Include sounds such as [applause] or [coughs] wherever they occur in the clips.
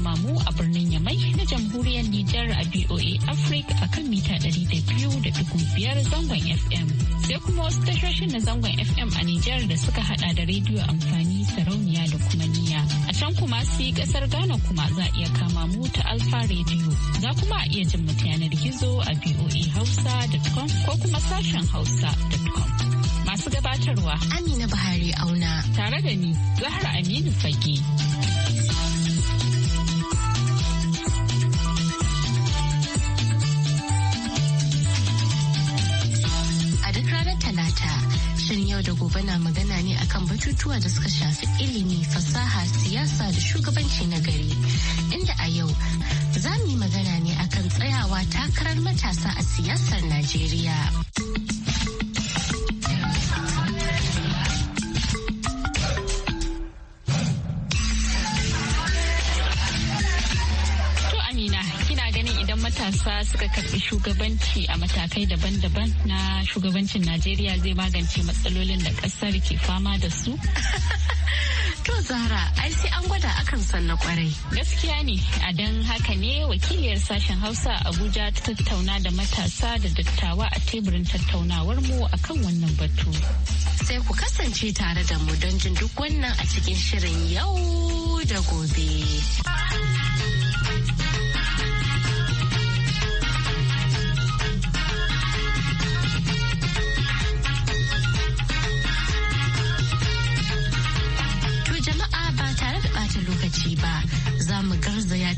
kama mu a birnin Yamai na jamhuriyar Nijar a BOA Africa a kan mita 200.5 zangon FM. Sai kuma wasu tashoshin na zangon FM a Nijar da suka hada da rediyo amfani sarauniya da kuma niya. A can kuma su yi kasar Ghana kuma za a iya kama mu ta Alfa Radio. Za kuma a iya jin mutu yanar gizo a BOA Hausa.com ko kuma sashen Hausa.com. Masu gabatarwa Amina Buhari Auna. Tare da ni, Zahra Aminu Fage. Shirin yau da gobe na magana ne akan batutuwa da suka shafi ilimi, fasaha, siyasa da shugabanci na gari. Inda a yau za mu yi magana ne akan tsayawa takarar matasa a siyasar Najeriya. suka karbi shugabanci a matakai daban-daban na shugabancin najeriya zai magance matsalolin da kasar ke fama da su [laughs] To Zara, ai sai an gwada akan san na kwarai. Gaskiya ne, a don haka ne wakiliyar sashen Hausa Abuja ta tattauna da matasa da dattawa a teburin tattaunawar mu akan wannan batu. Sai ku kasance tare da mu don jin duk wannan a cikin shirin yau da gobe.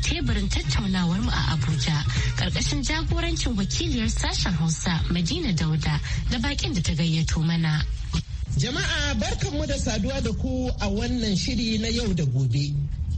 teburin tattaunawar mu a Abuja karkashin jagorancin wakiliyar sashen Hausa Madina Dauda da bakin da ta gayyato mana. Jama'a barkanmu da saduwa da ku a wannan shiri na yau da gobe.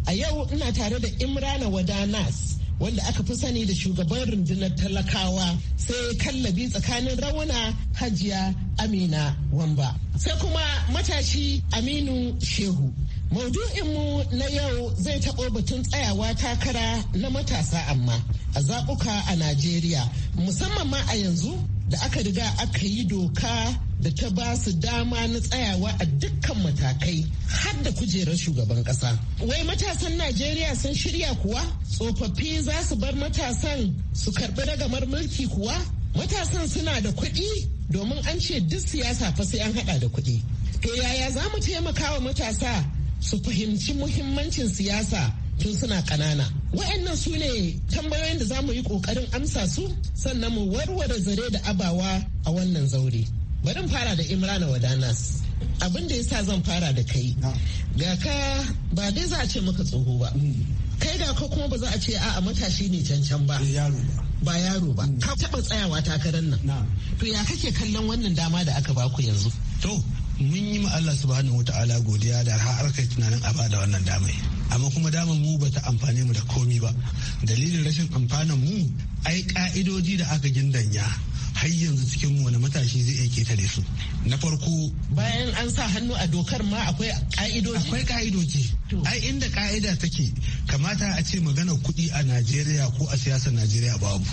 A yau ina tare da Imrana Wadanas wanda aka fi sani da shugaban rundunar talakawa sai kallabi tsakanin rawuna hajiya Amina Wamba. Sai kuma matashi Aminu Shehu. Maudu'inmu na yau zai taɓo batun tsayawa takara na matasa amma a zaɓuka a Najeriya musamman ma a yanzu da aka riga aka yi doka da ta ba su dama na tsayawa a dukkan matakai har da kujerar shugaban ƙasa. Wai matasan Najeriya sun shirya kuwa tsofaffi za su bar matasan su karɓi ragamar mulki kuwa matasan suna da kuɗi domin an ce duk siyasa fa sai an haɗa da kuɗi. To yaya za mu taimaka wa matasa su fahimci muhimmancin siyasa tun suna ƙanana. Wa'annan su ne tambayoyin da za mu yi ƙoƙarin amsa su sannan mu warware zare da abawa a wannan zaure. Bari fara da Imrana Wadanas. Abin da yasa zan fara da kai. Ga ka ba dai za a ce maka tsoho ba. Hmm. Kai ga ka kuma ba za a ce a'a matashi ne cancan ba. Eh, ba yaro ba hmm. ka taba tsayawa takarar nan to ya kake kallon wannan dama da aka baku yanzu to mun yi ma Allah subhanahu wataala godiya da har kai tunanin a bada wannan damai amma kuma damar mu bata amfane mu da komi ba dalilin rashin amfanin mu ai ka'idoji da aka gindanya har yanzu cikin mu wani matashi zai iya da su na farko bayan an sa hannu a dokar ma akwai ka'idoji akwai ka'idoji ai inda ka'ida take kamata a ce magana kuɗi a Najeriya ko a siyasar Najeriya babu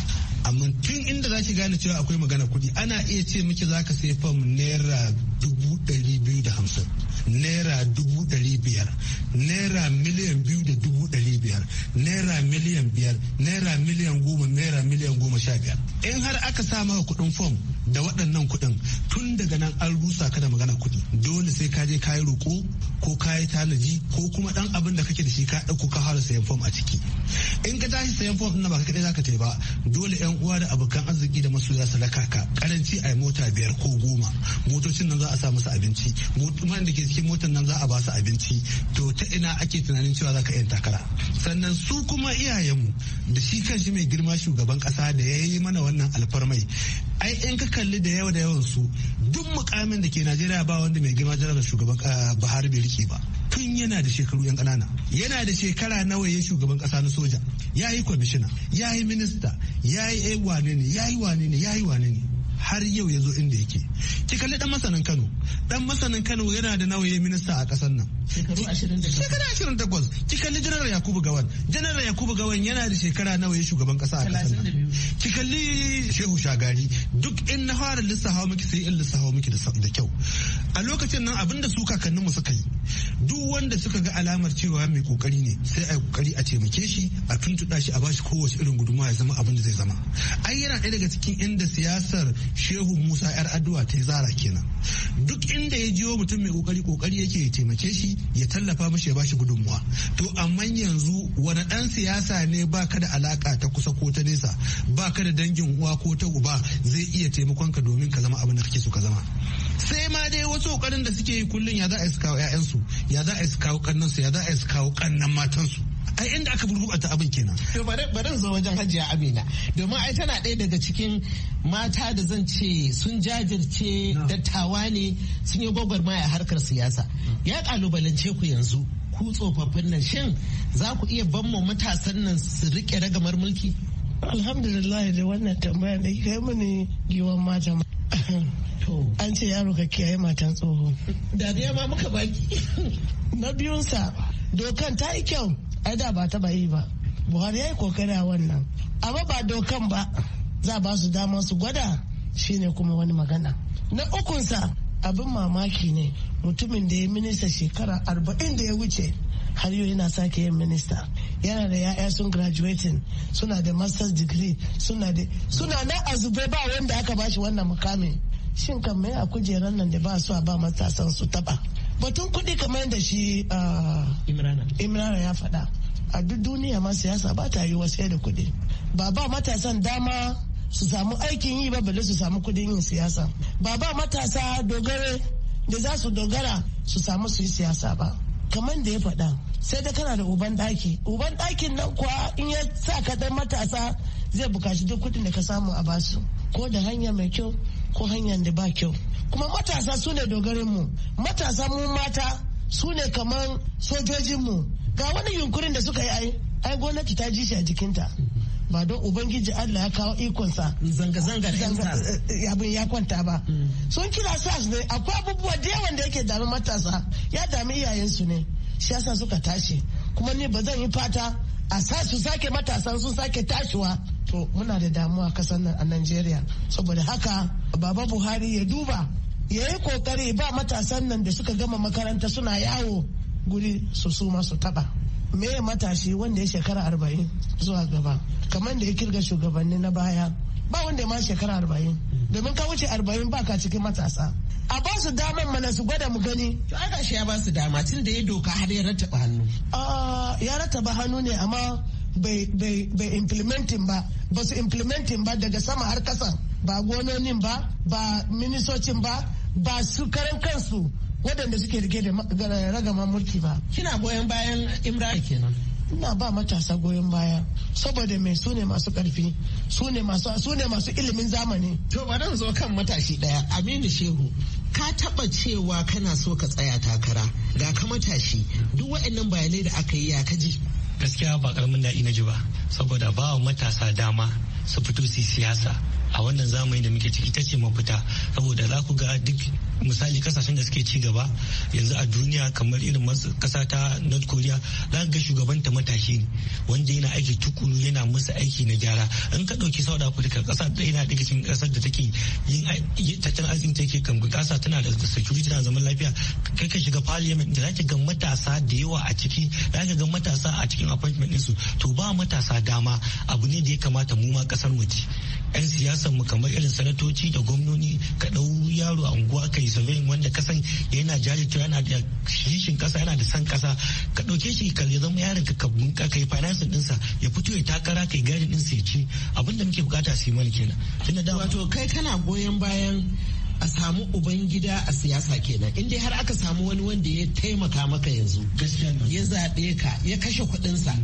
amma tun inda za ki gane cewa akwai magana kuɗi ana iya ce miki za ka sai fam naira dubu ɗari biyu da hamsin naira dubu ɗari biyar naira miliyan biyu da dubu ɗari biyar naira miliyan biyar naira miliyan goma naira miliyan goma sha biyar in har aka sa maka kuɗin fom da waɗannan kuɗin tun daga nan an rusa ka da magana kuɗi dole sai ka je kayi roƙo ko kayi tanaji ko kuma ɗan abin da kake da shi ka ɗauko ka fara sayan fom a ciki in ka tashi sayan fom na ba ka kaɗai za ka ba dole yan uwa da abokan arziki da masoya sadaka ka karanci a mota biyar ko goma motocin nan za a sa musu abinci man da ke cikin motar nan za a ba su abinci to ta ina ake tunanin cewa za ka yin takara sannan su kuma iyayenmu da shi kan shi mai girma shugaban kasa da ya yi mana wannan alfarmai ai in ka kalli da yawa da yawan su duk mukamin da ke najeriya ba wanda mai girma jarabar shugaban ah, buhari bai rike ba tun yana da shekaru yan ƙanana yana da shekara nawa ya shugaban kasa na soja ya yi kwamishina ya yi minista ya yi eh, wane ne ya yi wane ne ya yi wane ne har yau ya zo inda yake ki kalli dan masanin Kano dan masanin Kano yana da nawaye minista a kasar nan shekaru 28 ki kalli janar Yakubu Gawan janar Yakubu Gawan yana da shekara ya shugaban kasa a kasar nan ki kalli Shehu Shagari duk in na fara lissafa miki sai in lissafa miki da kyau a lokacin nan abinda su kakanninmu suka yi duk wanda suka ga alamar cewa mai kokari ne sai a yi kokari a taimake shi a tuntuɗa shi a bashi kowace irin gudunmawa ya zama abin da zai zama ai yana ɗaya daga cikin inda siyasar shehu musa yar addu'a ta yi zara kenan duk inda ya jiyo mutum mai kokari kokari yake ya taimake shi ya tallafa mashi ya bashi gudunmawa to amma yanzu wani ɗan siyasa ne ba ka da alaka ta kusa ko ta nesa ba ka da dangin uwa ko ta uba zai iya taimakon ka domin ka zama abin da kake so ka zama sai ma dai wasu kokarin da suke yi kullum ya za a kawo 'ya'yansu ya za a kawo kannansu ya za a kawo kannan matansu ai inda aka gurgurta abin kenan to bare zo wajen hajiya amina domin ai tana ɗaya daga cikin mata da zan ce sun jajirce dattawa ne sun yi gwagwarmaya harkar siyasa ya kalubalance ku yanzu ku tsofaffin nan shin za ku iya ban mu matasan nan su rike ragamar mulki alhamdulillah da wannan tambaya da kai mini giwan mata [coughs] an ce yaro ka kiyaye matan tsoho da ma muka baki [laughs] na biyunsa dokan ta yi kyau ai da ba taba yi ba buhari ya yi kokari a wannan amma ba dokan ba za ba su dama su gwada shine kuma wani magana na ukunsa abin mamaki ne mutumin da ya minista shekara arba'in da ya wuce har yau yana sake yin minista yana da ya'ya sun graduating suna da master's degree suna da suna na azube ba wanda aka bashi wannan mukamin shin kan a kujerar nan da ba su a ba matasan su taba batun kuɗi kamar da shi ah, imrana ya faɗa a duk duniya ma siyasa ba ta yi wasu da kuɗi ba ba matasan dama su samu aikin yi ba balle su samu kudin yin siyasa ba ba matasa dogare da za su dogara su samu su yi siyasa ba kamar da ya faɗa sai da kana da uban ɗaki uban ɗakin nan kuwa in ya sa ka matasa zai bukaci duk kuɗin da ka samu a basu ko da hanya mai kyau ko hanyar da ba kyau kuma matasa su ne dogarinmu matasa mu mata su ne kamar sojojinmu ga wani yunkurin da suka yi ai ai gwamnati ta ji shi a jikinta ba don ubangiji allah ya kawo ikonsa zanga eh, abin ya kwanta ba sun kira sas ne akwai abubuwa da yawan da yake dami matasa ya dami iyayensu ne shi yasa suka tashi kuma ni ba zan yi fata a sa su sake matasan sun sake tashiwa to muna da damuwa kasar nan a Najeriya saboda haka baba Buhari ya duba ya yi kokari ba matasan nan da suka gama makaranta suna yawo guri su suma su taba me matashi wanda ya shekara arba'in zuwa gaba kamar da ya kirga shugabanni na baya ba wanda ma shekara arba'in domin ka wuce arba'in ba ka cikin matasa a ba su damar mana su gwada mu gani to aka shi ya ba su dama tun da ya doka har ya rataba hannu ah, ya rataba hannu ne amma bai implementin ba ba su implementin ba daga sama har kasa ba gononin ba ba minisocin ba ba su karan kansu waɗanda suke rike da ragaman mulki ba kina goyon bayan imra kenan ina ba matasa goyon baya saboda mai su ne masu karfi su ne masu ilimin zamani to ba zan zo kan matashi daya aminu shehu ka taba cewa kana so ka tsaya takara ga ka matashi duk waɗannan bayanai da aka yi ya kaji gaskiya ba karamin daɗi na ji ba saboda ba wa matasa dama su fito su siyasa a wannan zamani da muke ciki ta ce mafita saboda za ku ga duk misali kasashen da suke ci gaba yanzu a duniya kamar irin kasa ta north korea za ga shugaban ta matashi ne wanda yana aiki tukuru yana musu aiki na gyara in ka ɗauki south africa kasa ɗaya na daga cikin kasar da take yin tattalin arzikin take kan kasa tana da security tana zaman lafiya kai ka shiga parliament da zaki ga matasa da yawa a ciki zaki ga matasa a cikin appointment su to ba matasa dama abu ne da ya kamata mu ma kasar mu ci 'yan siyasan mu kamar irin sanatoci da gwamnoni ka ɗau yaro a unguwa yi surveying wanda kasan yana jajircewa yana da shishin kasa yana da san kasa ka ɗauke shi ka zama yaron ka bunka kai financing ɗinsa ya fito ya takara kai gadin su ya ci abin da muke bukata su yi mana kenan tunda da wato kai kana goyon bayan a samu ubangida a siyasa kenan in dai har aka samu wani wanda ya taimaka maka yanzu ya zaɓe ka ya kashe kuɗinsa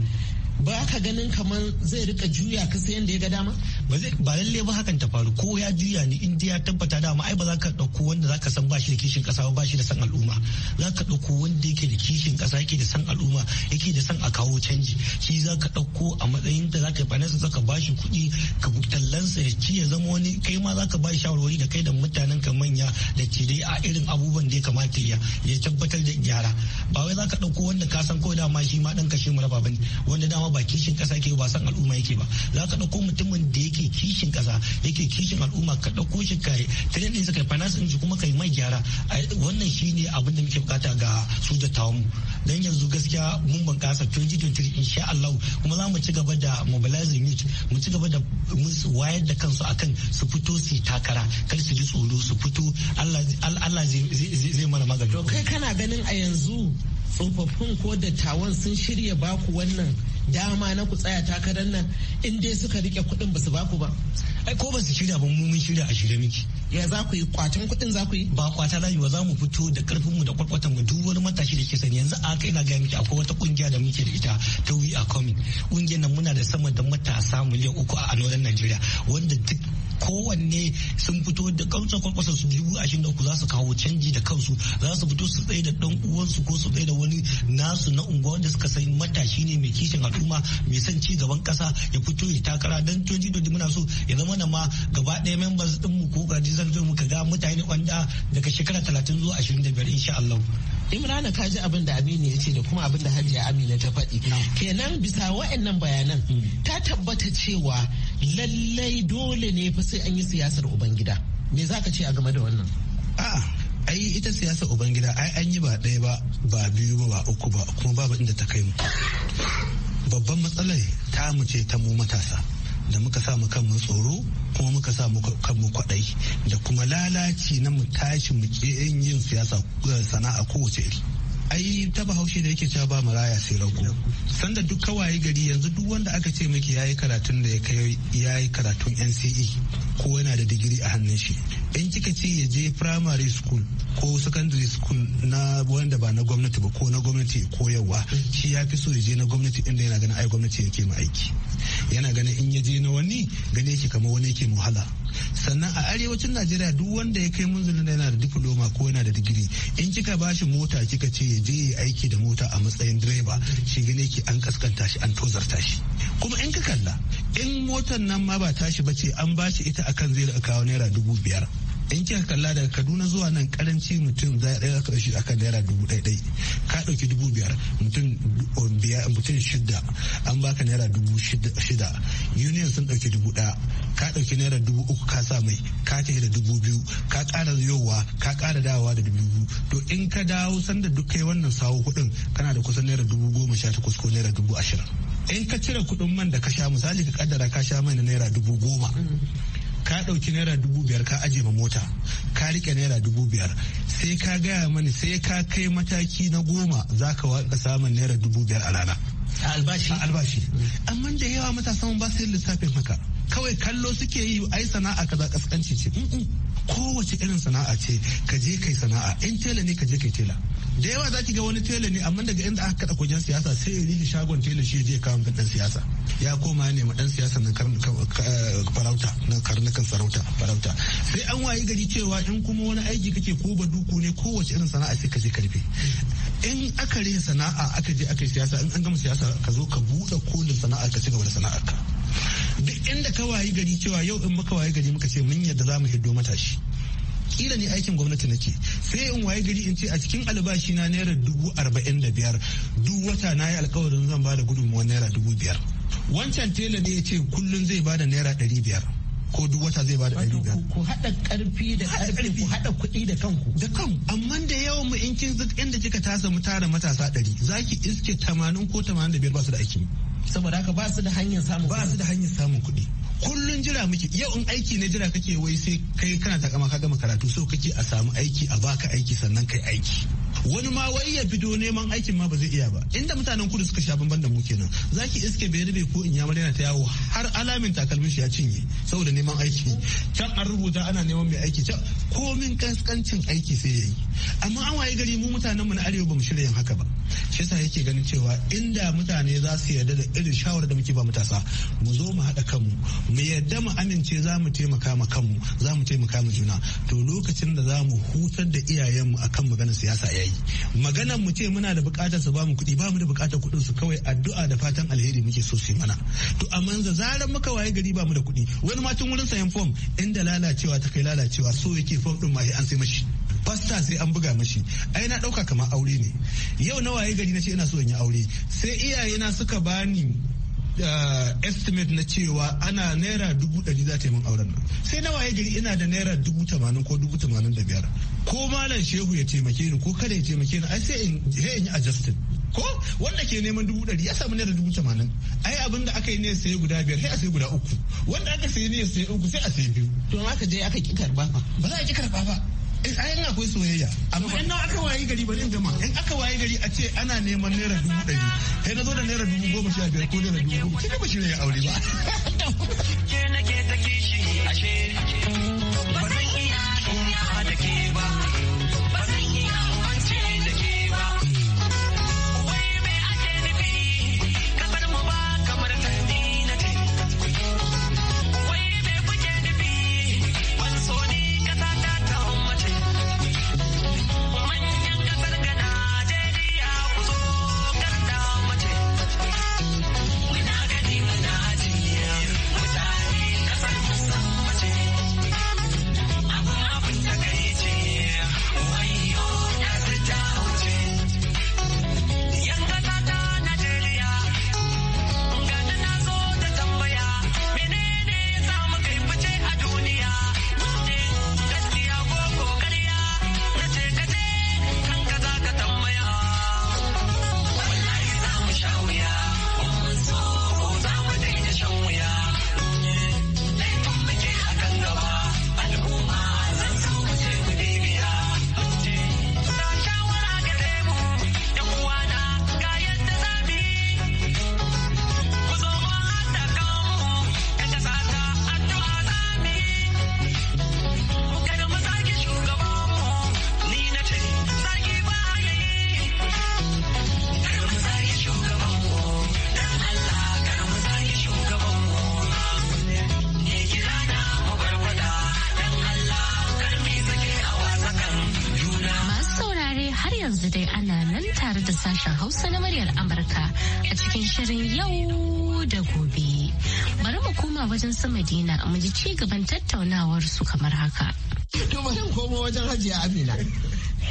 ba ka ganin kamar zai rika juya ka sai yadda ya ga dama ba zai ba lalle ba hakan ta faru ko ya juya ni in ya tabbata dama ai ba za ka dauko wanda za ka san ba shi da kishin kasa ba shi da san al'umma za ka dauko wanda yake da kishin kasa yake da san al'umma yake da san a kawo canji shi za ka dauko a matsayin da za ka yi za ka bashi kuɗi ka tallansa ya ci ya zama wani kai ma za ka ba shawarwari da kai da mutanen ka manya da ke dai a irin abubuwan da ya kamata ya ya tabbatar da gyara ba wai za ka dauko wanda ka san ko dama shi ma dan kashe mu na baban wanda dama ba kishin kasa yake ba san al'umma yake ba za ka ɗauko mutumin da yake kishin kasa yake kishin al'umma ka ɗauko shi kai tare da kai finance ɗin shi kuma kai mai gyara wannan shine abin da muke bukata ga su dattawan mu dan yanzu gaskiya mun bunkasa 2023 insha Allah kuma za mu ci gaba da mobilizing youth mu ci gaba da mu wayar da kansu akan su fito su takara kar su ji tsoro su fito Allah zai mana magana. To kai kana ganin a yanzu tsofaffin ko dattawan sun shirya baku wannan dama na ku tsaya takarar nan in dai suka rike kuɗin ba su baku ba. Ai ko ba su shirya ba mu mun shirya a shirya miki. Ya za ku yi kwatan kuɗin za ku yi? Ba kwata rayuwa za mu fito da karfin mu da kwakwatan mu duk wani matashi da ke sani yanzu a kai na gaya miki akwai wata kungiya da muke da ita ta wi a komi. Kungiyar nan muna da sama da matasa miliyan uku a anoran Najeriya wanda duk kowanne sun fito da kamsa kwarkwasa su dubu ashirin da uku za su kawo canji da kansu za su fito su tsaye da ɗan uwansu ko su tsaye da wani nasu na unguwa wanda suka san matashi ne mai kishin al'umma mai son ci gaban kasa ya fito ya takara dan da muna so ya zama na ma gaba ɗaya members din mu ko gaji zan zo muka ga mutane wanda daga shekara 30 zuwa 25 insha Allah Imrana ka ji abin da Aminu ya ce da kuma abin da Hajiya Amina ta faɗi. Kenan bisa wa'annan bayanan hmm. ta tabbata cewa lallai dole ne fa sai an yi siyasar Ubangida. Me za ka ce a game da wannan? A'a ah, ai ita siyasa ubangida ai an yi ba ɗaya ba ba biyu ba ba uku ba kuma babu inda ta kai mu babban matsalar ta mu ce ta mu matasa da muka sa mu kanmu tsoro kuma muka sa mu kanmu kwadai da kuma lalaci na mu tashi mu yin siyasa eh, sana'a kowace iri ai ta bahaushe da yake cewa ba maraya sai rago sanda duk kawaye gari yanzu duk wanda aka ce miki yayi karatun da ya kai yayi karatun NCE ko yana da digiri a hannun shi in kika ce ya je primary school ko secondary school na wanda ba na gwamnati ba ko na gwamnati ko yawa shi ya fi so ya je na gwamnati inda yana ganin ai gwamnati yake ma aiki yana ganin in ya je na wani gane yake kamar wani yake muhala sannan a arewacin najeriya duk wanda ya kai munzulin yana da diploma ko yana da digiri in kika bashi mota kika ce ya je ya aiki da mota a matsayin direba shi gane ki an kaskanta shi an tozarta shi kuma in ka kalla in motar nan ma ba tashi ba ce an bashi ita akan zai kawo naira dubu biyar in kika kalla daga kaduna zuwa nan karanci mutum za a ɗaya shi akan naira dubu ɗaya ɗai ka ɗauki dubu biyar mutum um, shida an baka naira dubu shida union sun ɗauki dubu ɗaya ka ɗauki naira dubu uku ka sa mai ka tafi da dubu biyu ka ƙara yowa ka ƙara dawowa da dubu biyu to in ka dawo sanda duk kai wannan sawo kuɗin kana da kusan naira dubu goma sha takwas ko naira dubu ashirin in ka cire kuɗin man da ka sha misali ka kaddara ka sha mai na naira dubu goma ka ɗauki naira dubu biyar ka ajiye ma mota ka riƙe naira dubu biyar sai ka gaya mani sai ka kai mataki na goma za ka waka samun naira dubu biyar a rana a albashi a albashi amma da yawa matasan ba su lissafin haka kawai kallo suke yi ai sana'a kaza kaskanci ce kowace irin sana'a ce ka je kai sana'a in tela ne ka je kai tela da yawa za ki ga wani tela ne amma daga inda aka kada kujen siyasa sai ya rike shagon tela shi je kawo dan siyasa ya koma ne ma dan siyasa na eh, farauta na karnukan sarauta farauta sai an wayi gari cewa in kuma wani aiki kake ko duku ne kowace irin sana'a sai ka je karfe in aka rike sana'a aka je aka yi siyasa in an gama siyasa ka zo ka buɗe kolin sana'a ka ci gaba da sana'ar ka duk inda ka wayi gari cewa yau in muka wayi gari muka ce mun yadda za mu hiddo matashi kila ne aikin gwamnati nake sai in waye gari in ce a cikin albashi na naira dubu arba'in da biyar duk wata na yi alkawarin zan ba da gudunmuwar naira dubu biyar wancan tela ne ya ce kullum zai ba da naira ɗari biyar ko duk wata zai bada ɗari biyar. Ku haɗa ƙarfi da ƙarfi ku haɗa kuɗi da kanku. Da kan amma da yawan mu in kin inda kika tasa mu tara matasa ɗari za ki iske tamanin ko tamanin da biyar ba su da aiki. saboda haka ba su da hanyar samun ba su da hanyar samun kuɗi kullun jira muke yau in aiki na jira kake wai sai kai kana takama ka gama karatu so kake a samu aiki a baka aiki sannan kai aiki wani ma wai ya fito neman aikin ma ba zai iya ba inda mutanen kudu suka sha bamban da mu kenan zaki iske bai rube ko in yamar yana ta yawo har alamin takalmin shi ya cinye saboda neman aiki can an rubuta ana neman mai aiki can komin kaskancin aiki sai yayi amma an waye gari mu mutanen mu na arewa bamu shirya yin haka ba shi yasa yake ganin cewa inda mutane za su yarda da irin shawar da muke ba matasa mu zo mu haɗa kanmu mu yarda mu amince za mu taimaka ma kanmu za mu taimaka ma juna to lokacin da za mu hutar da iyayenmu akan maganar siyasa yayi maganan mu ce muna da bukatar su bamu kuɗi bamu da bukatar kuɗin su kawai addu'a da fatan alheri muke so su mana to amma yanzu zaran muka waye gari bamu da kuɗi wani ma tun wurin sayan fom inda lalacewa ta kai lalacewa so yake fom din ma an sai mashi fasta sai an buga mashi ai na dauka kamar aure ne yau na waye gari na ce ina so in yi aure sai iyayena suka bani Uh, estimate na cewa ana naira dubu ɗari za ta yi min auren nan sai nawa ya gari ina da naira dubu tamanin ko dubu tamanin da biyar ko malam shehu ya taimake ni ko kada ya taimake ni ai sai in yi adjusted ko wanda ke neman dubu ɗari ya samu naira dubu tamanin ai abin da aka yi ne sai guda biyar sai a sai guda uku wanda aka sayi ne sai uku sai a sai biyu to ma ka je aka ki karba ba ba za a ki karba ba ayin akwai soyayya amma in aka waye gari bari in gama in aka waye gari a ce ana neman naira dubu ɗari kai na zo da naira dubu goma sha biyar ko naira dubu goma kika ba shi ne aure ba [laughs] wajen sama Madina mu ji ci gaban tattaunawar su kamar haka. To bari komo wajen Hajiya Amina.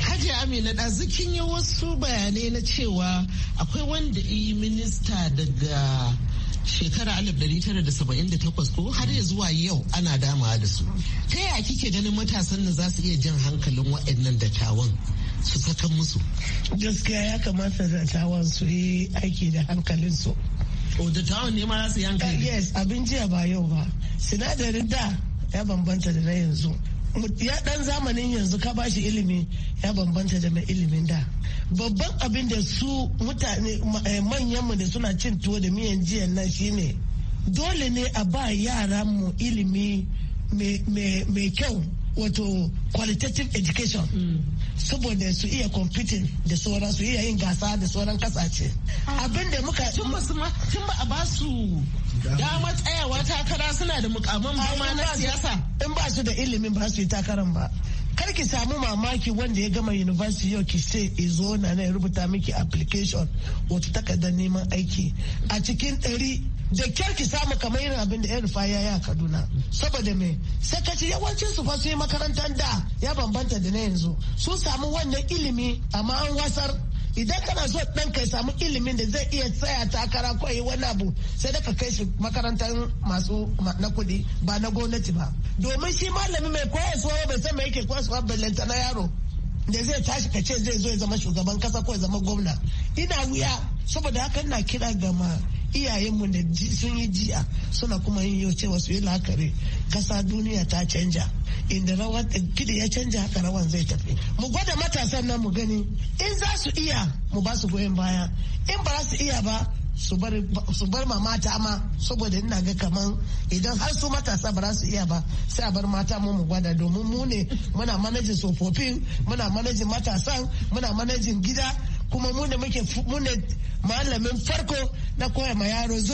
Hajiya Amina da zikin yi wasu bayanai na cewa akwai wanda yi minista daga shekara 1978 ko har ya zuwa yau ana damawa da su. Ta yaya kike ganin matasan da za su iya jan hankalin waɗannan dattawan su saka musu? Gaskiya ya kamata dattawan su yi aiki da hankalin Odatawan ne ma za su yanka. Eh, yes, abin jiya ba yau ba. Sinadarin da ya bambanta da na yanzu. Ya dan zamanin yanzu ka bashi ilimi ya bambanta da mai ilimin da. Babban abin da su mutane eh, manyanmu da suna cin tuwo da miyan jiya nan shine dole ne a ba yaran mu ilimi mai kyau wato qualitative education mm. saboda su iya competing da sauran su iya yin gasa da sauran kasashe ah. abin da muka tun ba tun ba a ba su dama tsayawa takara suna da mukamman ba na siyasa in ba su da ilimin ba su yi takaran ba kar ki samu mamaki wanda ya gama university yau ki ce eh, zo na ne rubuta miki application wato takardar neman aiki a cikin ɗari da kyar ki samu kamar irin abin da rufa ya yi kaduna saboda me sai ka ce yawancin su fa su yi makarantar da ya bambanta da na yanzu sun samu wannan ilimi amma an wasar idan kana so ɗan ka samu ilimin da zai iya tsaya takara ko yi wani abu sai da ka kai shi makarantar masu na kuɗi ba na gwamnati ba domin shi malami mai koyaswa bai san mai yake koyaswa ba na yaro da zai tashi ka ce zai zo ya zama shugaban kasa ko ya zama gwamna ina wuya saboda haka ina kira gama iyayenmu da sun yi jiya suna kuma yin yau cewa su yi la'akari kasa duniya ta canja inda rawar kidi ya canja haka rawan zai tafi mu gwada matasan nan mu gani in za su iya mu ba su goyon baya in ba za su iya ba su bar ma mata ma saboda ina ga kaman idan har su matasa ba za su iya ba sai a bar mata mu mu gwada domin mu ne muna manajin tsofaffin muna manajin matasan muna manajin gida kuma mu ne muke mu ne malamin farko na koya ma yaro zo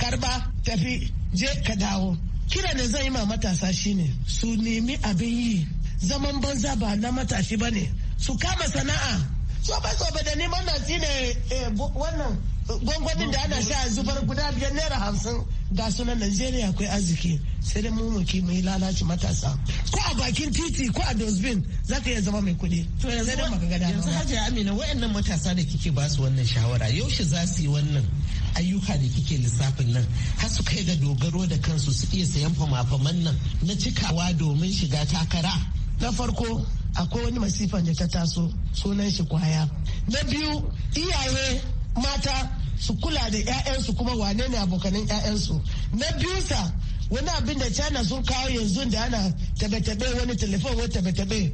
karba tafi je ka dawo kira ne zan yi ma matasa shine su nemi abin yi zaman banza ba na matashi bane su kama sana'a tsobe-tsobe da neman nan shi ne eh, wannan gwangwanin da ana sha zubar guda biyar naira hamsin ga sunan najeriya akwai arziki sai dai mu muke mai lalaci matasa ko a bakin titi ko a dosbin za ka iya zama mai kuɗi to yanzu dai maka gada yanzu hajiya amina wayannan matasa da kike ba su wannan shawara yaushe za su yi wannan ayyuka da kike lissafin nan har su kai ga dogaro da kansu su iya sayan fama-faman nan na cikawa domin shiga takara na farko akwai wani masifan da ta taso sunan shi kwaya na biyu iyaye mata su kula da 'ya'yansu kuma wane ne abokanin 'ya'yansu na biyu sa wani abin da china sun kawo yanzu da ana tabe-tabe wani telefon wani tabe-tabe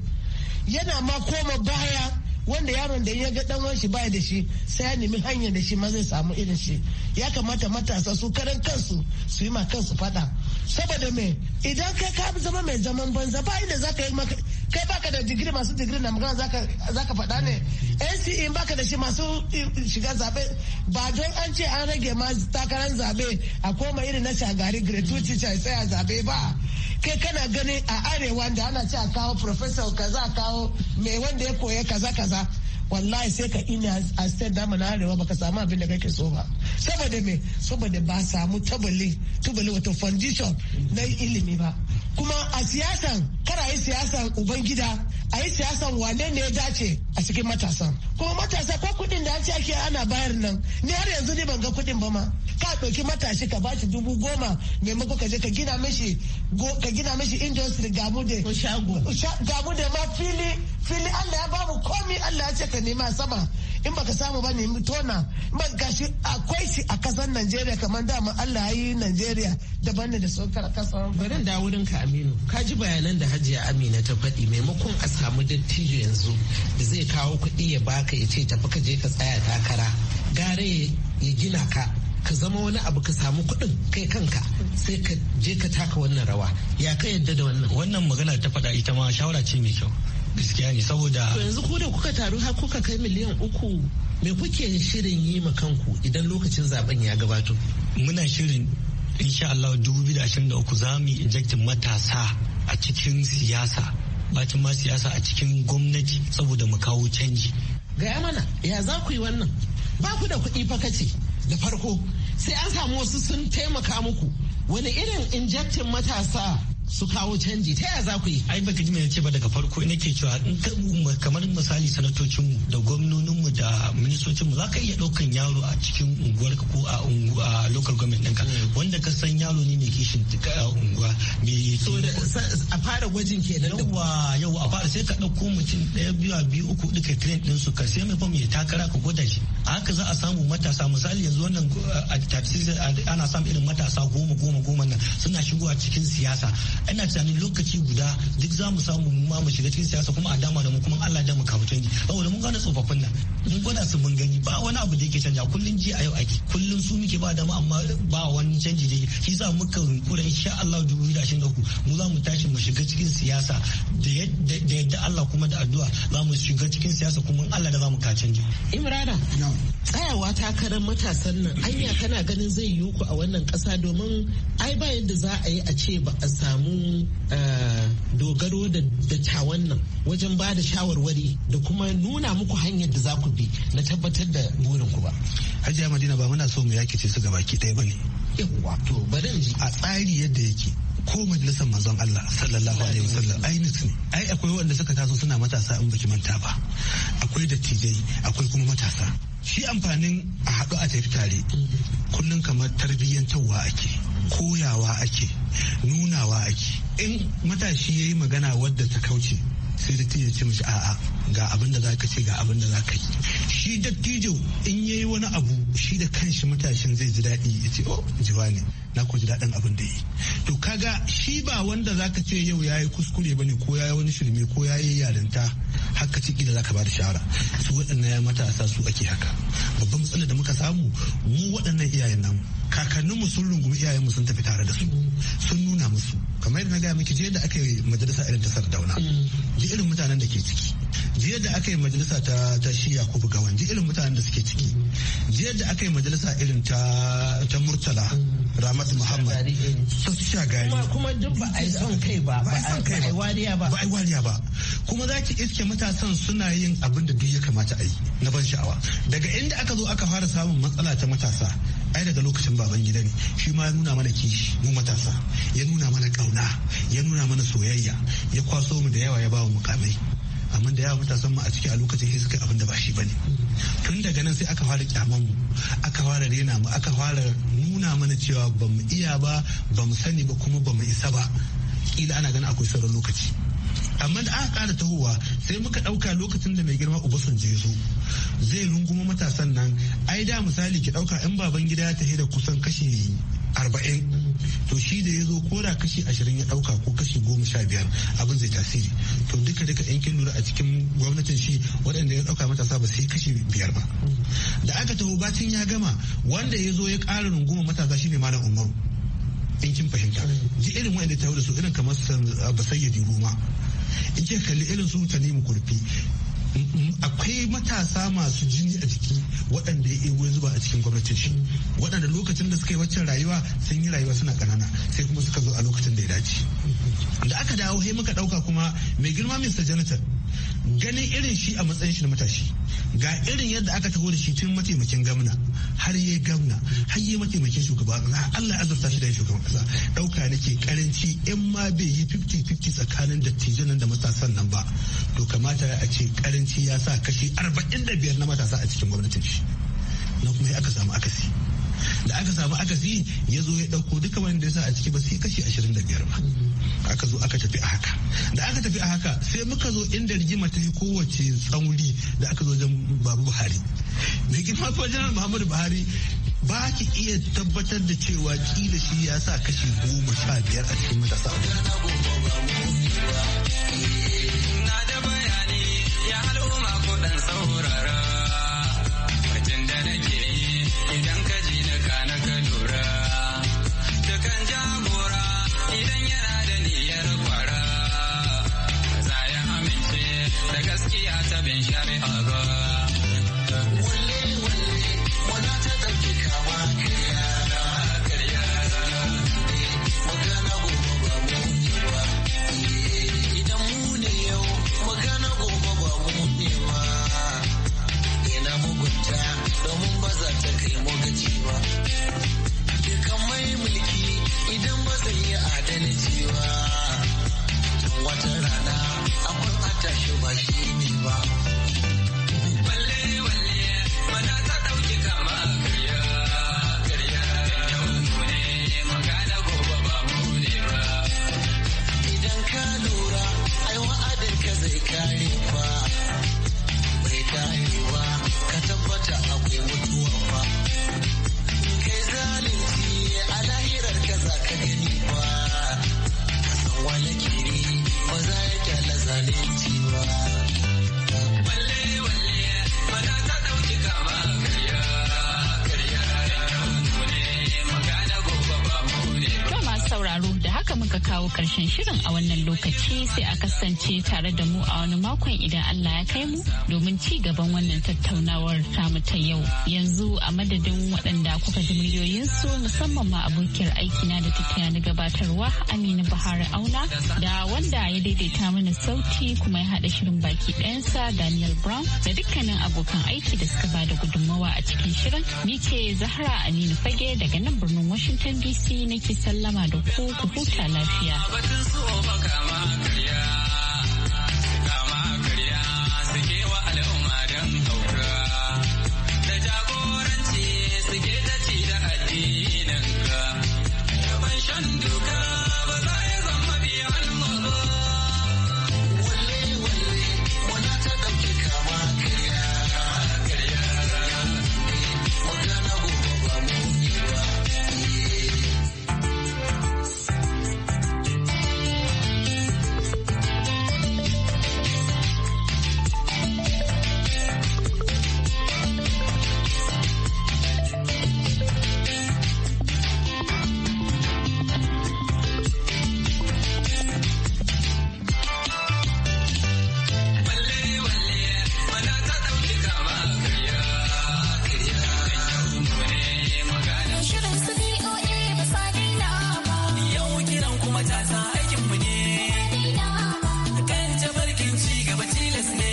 yana ma koma baya wanda yaron da ya ga dan wanshi baya da shi sai ya nemi hanyar da shi ma zai samu irin shi ya kamata matasa su karan kansu su yi ma kansu fada saboda me idan kai ka zama mai zaman banza ba inda za ka yi maka kai baka da digiri masu digiri na magana za ka faɗa ne nce in baka da shi masu shiga zabe ba don an ce an rage ma takarar zabe a koma irin na shagari gratuity sai tsaya zabe ba kai kana gani a arewa da ana ce a kawo professor kaza kawo mai wanda ya koya kaza kaza wallahi sai ka ina a state dama na arewa baka samu abin da kake so ba saboda me saboda ba samu tabali tubali wato foundation na ilimi ba kuma a siyasan kara yi siyasan ubangida a yi siyasan wane ne ya dace a cikin matasan kuma matasa ko kudin da ce ake ana bayar nan ni har yanzu ne ban ga kudin ba ma ka ɗauki matashi ka bashi dubu goma maimako ka je ka gina mishi ka gina mishi industry gamu da gamu da ma fili fili Allah ya komi Allah ya ce ka nema sama in baka samu ba ne tona ba gashi akwai shi a kasar Najeriya kamar dama Allah yi Najeriya daban da saukar kasar. Bari da wurin ka Aminu ka ji bayanan da Hajiya Amina ta faɗi maimakon a samu dattijo yanzu da zai kawo kuɗi ya baka ya ce tafi ka je ka tsaya takara gare ya gina ka ka zama wani abu ka samu kuɗin kai kanka sai ka je ka taka wannan rawa ya ka yadda da wannan wannan magana ta faɗa ita ma shawara ce mai kyau gaskiya ne saboda yanzu ko da kuka taru har kuka kai miliyan uku me kuke shirin yi ma kanku idan lokacin zaben ya gabato muna shirin insha Allah 2023 za mu injectin matasa a cikin siyasa bacin ma siyasa a cikin gwamnati saboda mu kawo canji gaya mana ya za ku yi wannan ba ku da kuɗi fa kace da farko sai an samu wasu sun taimaka muku wani irin injectin matasa su kawo canji ta yaya za ku yi ai baka ji mai ce ba daga farko ina ke cewa kamar misali sanatocinmu da gwamnoninmu da ministocinmu za ka iya ɗaukan yaro a cikin unguwar ko a unguwa local government ka mm. wanda ka san yaro ne mai kishin a unguwa mai so a fara gwajin kenan yawa yawa a fara sai ka ɗauko mutum ɗaya biyu a biyu uku duka train ɗin su ka sai mai fam ya takara ka gwada shi haka za a samu matasa misali yanzu wannan a ana samun irin matasa goma goma goma nan suna shigowa cikin siyasa ina tunanin lokaci guda duk za mu samu mu ma mu shiga cikin siyasa kuma a dama da mu kuma Allah da mu kafa canji saboda mun gane tsofaffin nan mun gwada su mun gani ba wani abu da yake canja kullun ji a yau ake kullun su muke ba dama amma ba wani canji da yake shi sa muka rinkura insha Allah 2023 mu za mu tashi mu shiga cikin siyasa da yadda Allah kuma da addu'a za mu shiga cikin siyasa kuma Allah da za mu ka canji Imrana tsayawa takarar matasan nan anya kana ganin zai yiwu ku a wannan kasa domin ai ba yadda za a yi a ce ba a samu samu eh, dogaro da dattawan nan wajen ba da shawarwari da kuma nuna muku hanyar da za ku bi na tabbatar da burinku ba. Hajiya Madina ba muna so mu yaki ce su gaba ki ɗaya bane. Yawwa to bari a tsari yadda yake ko majalisar manzon Allah sallallahu alaihi wasallam INEC ne ai akwai waɗanda suka taso suna matasa in baki manta ba akwai dattijai akwai kuma matasa shi amfanin a haɗu a tafi tare mm-hmm. kullum kamar tarbiyyantarwa ake koyawa ake nunawa ake in matashi ya yi magana wadda ta kauce sai da ya ce mishi a'a ga abin da zaka ce ga abin da zaka yi shi dattijo in yayi wani abu shi da kanshi matashin zai ji daɗi ya ce oh jiwa ne na ku ji daɗin abin da yi to kaga shi ba wanda zaka ce yau yayi kuskure ba ne ko yayi wani shirme ko yayi yarinta haka ciki da zaka ba da shara. su waɗannan ya matasa su ake haka babban matsalar da muka samu mu waɗannan iyayen namu mu sun rungumi iyayen mu sun tafi tare da su sun nuna musu kamar yadda na gaya miki je da aka yi majalisa irin ta sardauna ji mm. irin mutanen da ke ciki jiya da aka yi majalisa ta ta shiya ko buga ji irin mutanen da suke ciki jiya da aka yi majalisa irin ta ta murtala ramat muhammad ta su sha gari kuma duk ba a yi son kai ba ba a yi wariya ba ba a yi wariya ba kuma za ki iske matasan suna yin abin da duk ya kamata a yi na ban sha'awa daga inda aka zo aka fara samun matsala ta matasa ai daga lokacin baban gida ne shi ma ya nuna mana kishi mu matasa ya nuna mana kauna ya nuna mana soyayya ya kwaso mu da yawa ya ba mu mukamai amma da yawa matasan mu a ciki a lokacin sai suka abin da ba shi ba ne tun daga nan sai aka fara kyaman mu aka fara rena mu aka fara nuna mana cewa ba mu iya ba ba mu sani ba kuma ba mu isa ba kila ana ganin akwai sauran lokaci amma da aka kara tahowa sai muka dauka lokacin da mai girma uba ya zo zai runguma matasan nan ai da misali ki dauka in baban gida ta da kusan kashi arba'in to shi da ya zo ko da kashi ashirin ya dauka ko kashi goma sha biyar abin zai tasiri to duka duka yan kin lura a cikin gwamnatin shi waɗanda ya dauka matasa ba sai kashi biyar ba da aka taho bacin ya gama wanda ya zo ya ƙara runguma matasa shine malam umaru in kin fahimta ji irin wanda ta da su irin kamar basayyadi goma in ce kalli irin su nemi kurfi akwai matasa masu jini a jiki waɗanda ya ego zuba a cikin gwamnatin shi waɗanda lokacin da suka yi waccan rayuwa sun yi rayuwa suna ƙanana sai kuma suka zo a lokacin da ya dace da aka dawo sai muka dauka kuma mai girma mista janitor ganin irin shi a matsayin shi na matashi ga irin yadda aka taho da shi tun mataimakin gamna har yi gamna har yi mataimakin shugaban kasa Allah ya azurta shi da shugaban kasa dauka nake karanci in ma bai yi 50-50 tsakanin dattijan nan da matasan nan ba to kamata a ce karanci ya sa kashi 45 na matasa a cikin gwamnatin shi na kuma aka samu akasi da aka samu akasi ya zo ya dauko duka wanda ya sa a ciki ba sai kashi 25 ba aka zo aka tafi a haka da aka tafi a haka sai muka zo inda rigima ta yi kowace tsauri da aka zo wajen babu buhari mai girma janar muhammadu buhari ba ki iya tabbatar da cewa kila shi ya sa kashi goma sha biyar a cikin matasa Asian karshen shirin a wannan lokaci sai a kasance tare da mu a wani makon idan Allah ya kai mu domin ci gaban wannan tattaunawar tamu ta yau. Yanzu a madadin waɗanda kuka ji miliyoyinsu musamman ma abokiyar aikina da ta na gabatarwa Aminu Bahari Auna da wanda ya daidaita mana sauti kuma ya haɗa shirin baki ɗayansa Daniel Brown da dukkanin abokan aiki da suka bada gudunmawa a cikin shirin. Ni ce Zahra Aminu Fage daga nan birnin Washington DC nake sallama da ku ku huta lafiya. batun so baka maka